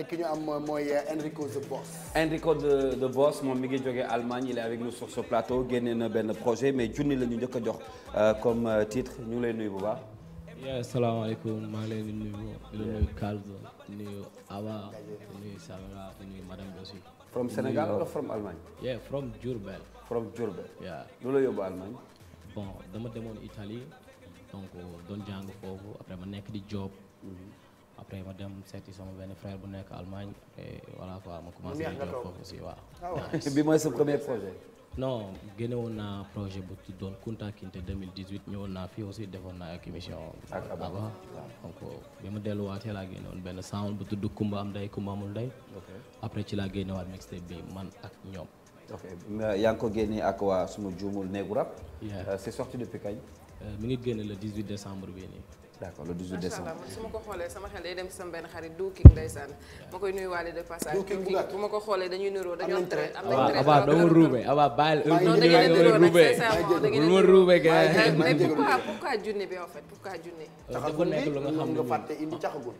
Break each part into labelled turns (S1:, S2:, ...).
S1: ki ñu am mooy euh, Enrico de Boss. Enrico de de Boss moom mi ngi jógee Allemagne il est avec nous sur ce plateau génne na benn projet mais junni la ñu njëkk a jox euh, comme euh, titre ñu ngi lay nuyu bu baax.
S2: yaa salaamaaleykum maa ngi leen di nuyu di nuyu Kalzo di nuyu Awa di nuyu Samira di nuyu madame aussi. from Sénégal wala from Allemagne. yeah from Diourbel. from lu la yóbbu Allemagne. bon dama demoon Italie donc doon jàng foofu après ma nekk di job. Mm-hmm. après ma dem seeti sama benn frère bu nekk Allemagne et voilà quoi ma commencé di jox foofu aussi waaw. Ah bi mooy sa premier projet. non génne woon naa projet bu tuddoon Kunta Kinte 2018 naa fii aussi defoon naa ak émission. Euh, bi ma delluwaatee laa génne woon benn sound bu tudd Kumba am ndey Kumba amul ndey. après ci laa génnewaat mixtape bi man ak ñoom. yaa ngi ko génne ak waa suma juumul néegu rap. Euh, c'est sorti euh, mi ngi génne le décembre bii nii. d' accord le 18 décembre macha
S3: allah su ma ko xoolee sama xel day dem si sama benn xarit Duking ndeysaan ma koy nuyuwaale de passage. Duking bu ma ko xoolee dañuy da ngeen a niroo nag sincèrement da a niroo mais bi en fait pourquoi junne. dafa nekk lu nga xam
S1: ne nga fàtte indi caxagul.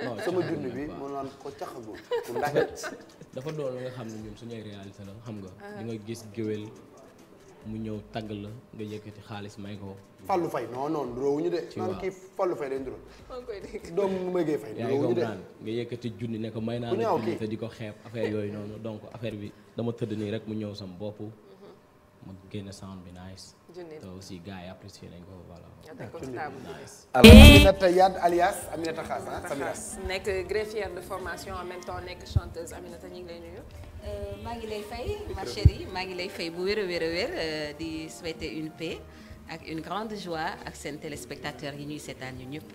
S3: non
S2: doon lu nga xam ne ñun suñuy réalité la xam nga. Ah. di nga gis géwél mu ñëw tagg la nga yëkkati xaalis may ko.
S1: Fallou Faye non non nduroowuñu de. ci waaw maanaam kii Fallou Faye de nduroo.
S2: maa ngi koy dégg doomu Mbengue Faye. nduroowuñu de nga yëkkati junni ne ko may naa la junni te di ko xeeb affaire yooyu noonu donc affaire bi dama tëdd nii rek mu ñëw sama bopp mm-hmm. mu génne sound bi nice te aussi gars yi apprécié nañ ko voilà. alors Aminata
S1: Yad alias Aminata Xaas ah Samira.
S3: nekk greffière de formation en même temps nekk chanteuse Aminata ñu ngi lay nuyu. Euh, maa ngi lay fay ma chérie maa ngi lay fay bu wér a wér a wér euh, di souhaiter une paix ak une grande joie ak seen téléspectateurs yi ñuy seetaan ñu ñëpp.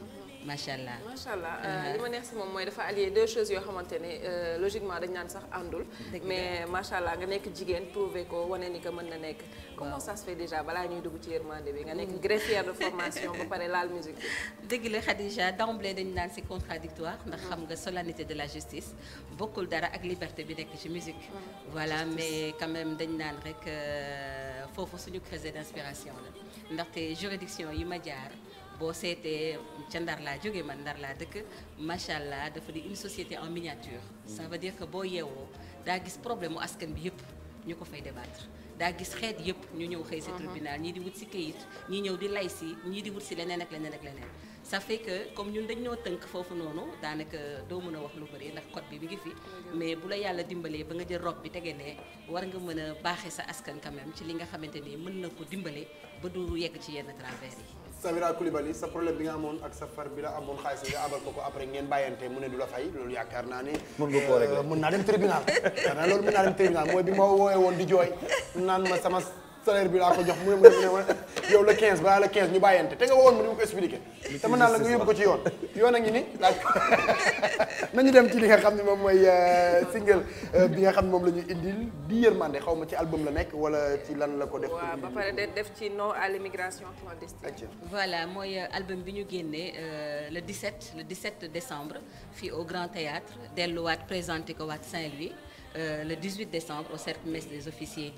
S3: macha allah macha allah euh, euh, li ma neex si moom mooy dafa allier deux choses yoo xamante ne euh, logiquement dañ naan sax àndul. mais macha allah nga nekk jigéen prouver ko wane ni que mën na nekk. comment ça se fait déjà balaa ñuy dugg ci yërmande bi nga nekk greffière de formation ba pare laal musique bi. dëgg la Khadija d'emblée dañu naan c'est contradictoire ndax xam nga solennité de la justice bokkul dara ak liberté bi nekk ci musique. voilà mais quand même dañ naan rek foofu suñu creuset d'inspiration la ndaxte yi ma boo seetee ca ndar laa jóge man ndar laa dëkk macha allah dafa di une société en miniature. ça veut dire que boo yeewoo daa gis problème u askan bi yëpp ñu ko fay débattre daa gis xeet yëpp ñu ñëw xëy si mhm. tribunal ñii di wut si kayit ñii ñëw di lay si ñii di wut si leneen ak leneen ak leneen. ça fait que comme ñun dañ ñoo tënk foofu noonu daanaka doo mën a wax lu bëri ndax code bi mi ngi fi mais bu la yàlla dimbalee ba nga jël rob bi tege ne war nga mën a baaxee sa askan même ci li nga xamante ni mën na ko dimbale ba du yegg ci yenn travers yi.
S1: Samira Koulibaly sa problème bi nga amoon ak sa far amoon xaalis bi abal ko ko après ngeen mu ne du la fay loolu yaakaar naa ne. mën euh, tribunal. yaakaar naa loolu mën naa tribunal mooy bi ma woowee woon di jooy naan ma sama. salaire bi laa ko jox mu ne ma yow le 15 balaa le 15 ñu bàyyante te nga waxoon ma ni ma ko expliqué. te mën naa la nga yóbbu ko ci yoon yoon a ngi ni laaj nañu dem ci li nga xam ne moom mooy euh, single euh, bi nga xam ne moom la ñu indil di yërmande xaw ma ci album la nekk wala ci lan la ko def. waaw ba pare
S3: def ci non à l'immigration clandestine. voilà mooy euh, album bi ñu génnee le 17 le 17 décembre fii au Grand Théâtre delluwaat présenté ko waat Saint-Louis. Euh, le 18 décembre au cercle mess des officiers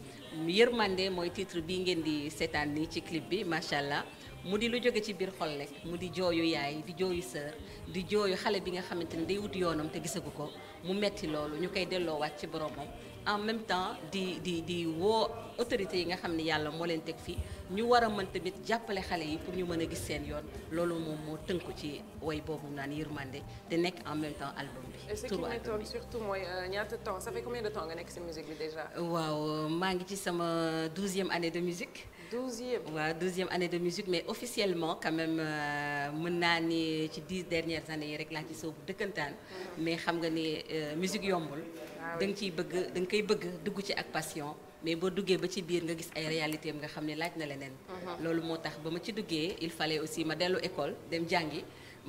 S3: yërmande mooy titre bii ngeen di seetaan nii ci clip bi macha allah mu di lu jóge ci biir xol rek mu di jooyu yaay di jooyu sœur di jooyu xale bi nga xamante ni day wut yoonam te gisagu ko mu metti loolu ñu koy delloowaat ci boromam en même temps di di di woo autorités yi nga xam ne yàlla moo leen teg fii ñu war a mën tamit jàppale xale yi pour ñu mën a gis seen yoon loolu moom moo tënku ci way boobu naan yërmande te nekk en même temps album bi. turu album bi surtout mooy euh, ñaata temps ça fait combien nga nekk ci musique bi déjà. waaw maa ngi ci sama douzième année de musique. douzième waaw douzième année de musique mais officiellement quand même euh, mën naa ni ci dix dernières années yi rek laa ci soobu dëkkantaan. Mm. mais xam nga ni euh, musique yombul. Ah da nga ciy bëgg da nga koy bëgg dugg ci ak passion mais boo duggee ba ci biir nga gis ay réalité am nga xam ne laaj na leneen mhm. loolu moo tax ba ma ci duggee il fallait aussi ma dellu école dem jàngi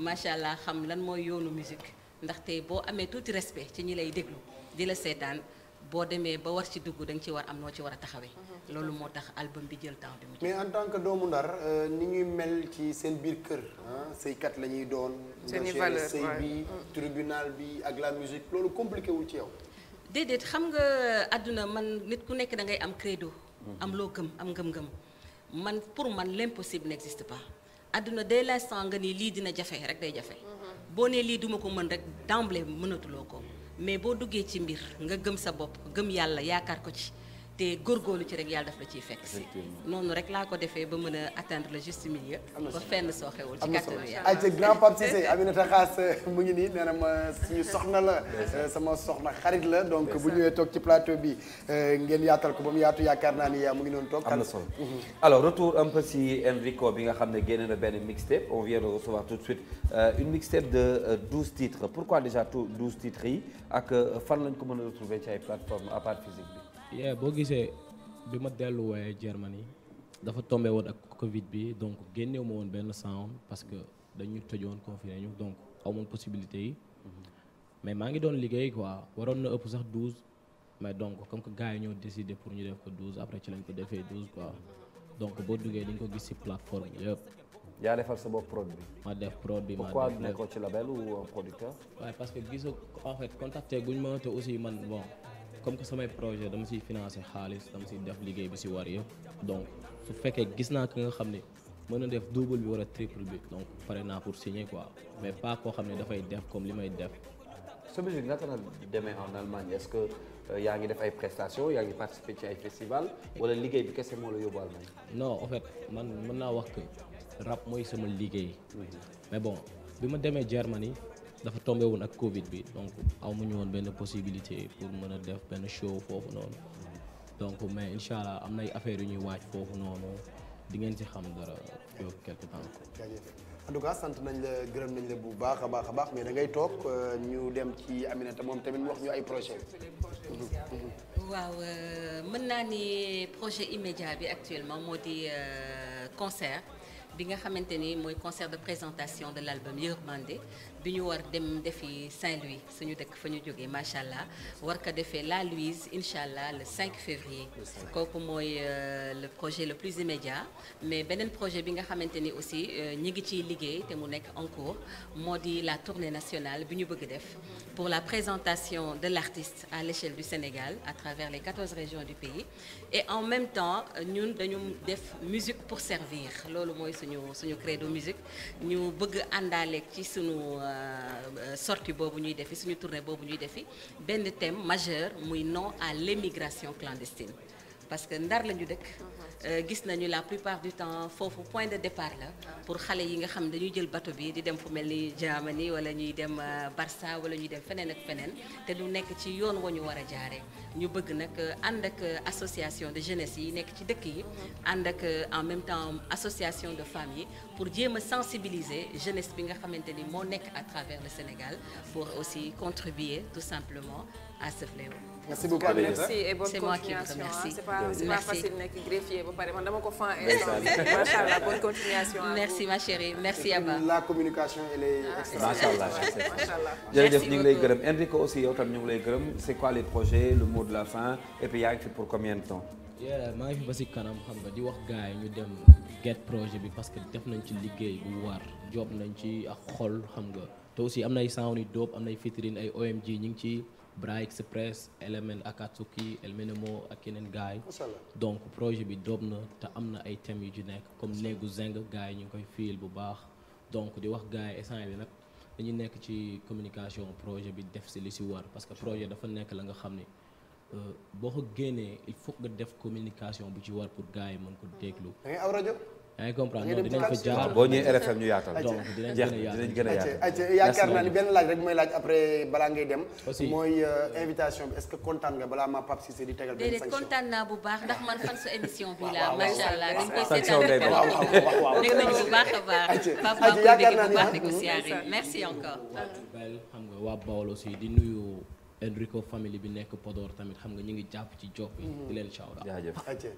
S3: macha allah xam lan mooy yoonu musique ndaxte boo amee tuuti respect ci ñi lay déglu di la seetaan boo demee ba war ci dugg da nga ci war am noo ci war a taxawee mhm, loolu moo tax album bi jël temps bi mu
S1: mais en tant que doomu ndar euh, ni ñuy mel ci seen biir kër sëykat la ñuy doon seen valeur sëy bi mm. tribunal bi ak la loolu
S3: compliqué wul ci yow déedéet xam nga àdduna man nit ku nekk da ngay am credo. am loo gëm am ngëm-ngëm. man pour man l'impossible n'existe pas àdduna dès l'instant nga nii lii dina jafe rek day jafe. boo nee lii duma ko mën rek d'emblée mënatuloo ko mais boo duggee ci mbir nga gëm sa bopp gëm yàlla yaakaar ko ci. te góorgóorlu ci rek yàlla daf la ciy fekk si noonu rek laa ko defee ba mën a atteindre le juste milieu ba fenn soo xewul ci kàttanu
S1: yàlla euh, mu ngi nii nee na ma soxna la euh, sama soxna xarit la donc bu ñëwee toog ci plateau bi euh, ngeen yaatal ko ba mu yaatu yaakaar naa ni yaa mu ngi noonu toog am na solo mm-hmm. alors retour un peu si Enrico bi nga xam ne génne na benn mixtape on vient de recevoir tout de suite une mixtape de douze titres pourquoi déjà tout douze titres yi ak f lañ ko mën a retrouver
S2: yeah boo gisee bi ma dellu waaye Germany dafa tombé woon ak Covid bi donc génnewu ma woon benn sound parce que dañu tëjoon confiné ñu donc amoon possibilité yi mais maa ngi doon liggéey quoi waroon na ëpp sax douze mais donc comme que gars yi ñoo décidé pour ñu def ko douze après ci lañ ko defee douze quoi donc boo duggee dañ ko gis ci plateforme yëpp. yaa defal sa bopp prod bi. ma def prod bi ma def pourquoi nekkoo ci label ou un producteur. waaye parce que gisoo en fait contacté guñ ma te aussi man bon. comme que samay projet dama siy financé xaalis dama siy def liggéey bi si war yëpp donc su fekkee gis naa ki nga xam ne mën na def double bi wala triple bi donc pare naa pour signer quoi mais pas koo xam ne dafay def comme li may def. sa musique naka la
S1: demee en Allemagne est-ce que euh, yaa ngi def ay prestations yaa ngi participer ci ay festival wala liggéey bi kese moo la yóbbu Allemagne.
S2: non en man mën naa wax que rap mooy sama liggéey. Mhm. mais bon bi ma demee Germanie dafa tombé woon ak Covid bi donc amuñu woon benn possibilité pour mën a def benn show foofu noonu donc mais incha allah am nay affaires yu ñuy waaj foofu noonu di ngeen ci xam dara yow quelque temps.
S1: en sant nañ la gërëm nañ la bu baax a baax a baax mais da ngay toog euh, ñu dem ci Aminata moom tamit wax ñu ay projet
S3: waaw euh, mën naa ni projet immédiat bi actuellement moo di euh, concert bi nga xamante ni mooy concert de présentation de l'album Yërmande bi ñu war dem defi Saint-Louis suñu dëkk fa ñu jógee macha allah war ko defee la Louise incha allah le 5 février. kooku mooy euh, le projet le plus immédiat mais beneen projet bi nga xamante ni aussi euh, ñi ngi ciy liggéey te mu nekk en cours moo di la tournée nationale bi ñu bëgg def pour la présentation de l'artiste à l'échelle du Sénégal à travers les 14 régions du pays et en même temps ñun dañu def musique pour servir loolu mooy suñu suñu credo musique Euh, sortie boobu ñuy defi suñu tournée boobu ñuy defi benn thème majeur muy non à l'émigration clandestine parce que ndar la ñu dëkk mhm. Euh, gis nañu la plupart du temps foofu point de départ la pour xale yi nga xam dañuy jël bato bi di dem fu mel ni Germany wala ñuy dem euh, Barça wala ñuy dem feneen ak feneen te du nekk ci yoon wa ñu war a jaaree ñu bëgg nag euh, ànd ak association de jeunesse yi nekk ci dëkk yi ànd ak en même temps association de femme yi pour jéem a sensibiliser jeunesse bi nga xamante ni moo nekk à travers le Sénégal pour aussi contribuer tout simplement à ce fléau. ba pare man dama ko fan instant macha allah bonne continuation. merci ma la communication elle allah macha allah. ñu ngi lay gërëm
S1: Enrico aussi yow tam ñu ngi lay gërëm c'est quoi les projets le mot de la fin et pour combien de temps.
S2: maa ngi fi ba si kanam xam nga di wax gars yi ñu dem get projet bi parce que def nañ ci liggéey bu war job nañ ci ak xol xam nga te aussi am nay ay sound yu dope am na ay ay OMG ñu ngi ci. Bra Express Element Akatsuki El moo ak yeneen gars yi donc projet bi doob na te am na ay thèmes yu ci nekk comme néegu zing gars yi ñu ngi koy fiil bu baax donc di wax gars yi bi nag dañu nekk ci communication projet bi def si li si war parce que projet dafa nekk la nga xam ne euh, boo ko génnee il faut nga def communication bu ci war pour gars yi mën ko déglu. da rajo. yaa ngi comprendre non dinañ fa jaar ah, boo ñëwee RFM ñu yaatal donc dinañ gën a yaatal dinañ gën a yaatal yaakaar naa ni
S1: benn laaj rek mooy laaj après balaa ngay dem aussi mooy euh, invitation bi que kontaan nga balaa ma Pape Cissé naa
S3: bu baax a baax Pape maa ngi dégg bu baax di ko siyaare merci encore
S2: xam nga waa Bawol aussi di nuyu Enrico famille bi nekk Podor tamit xam nga ñu ngi jàpp ci job bi mm-hmm. di leen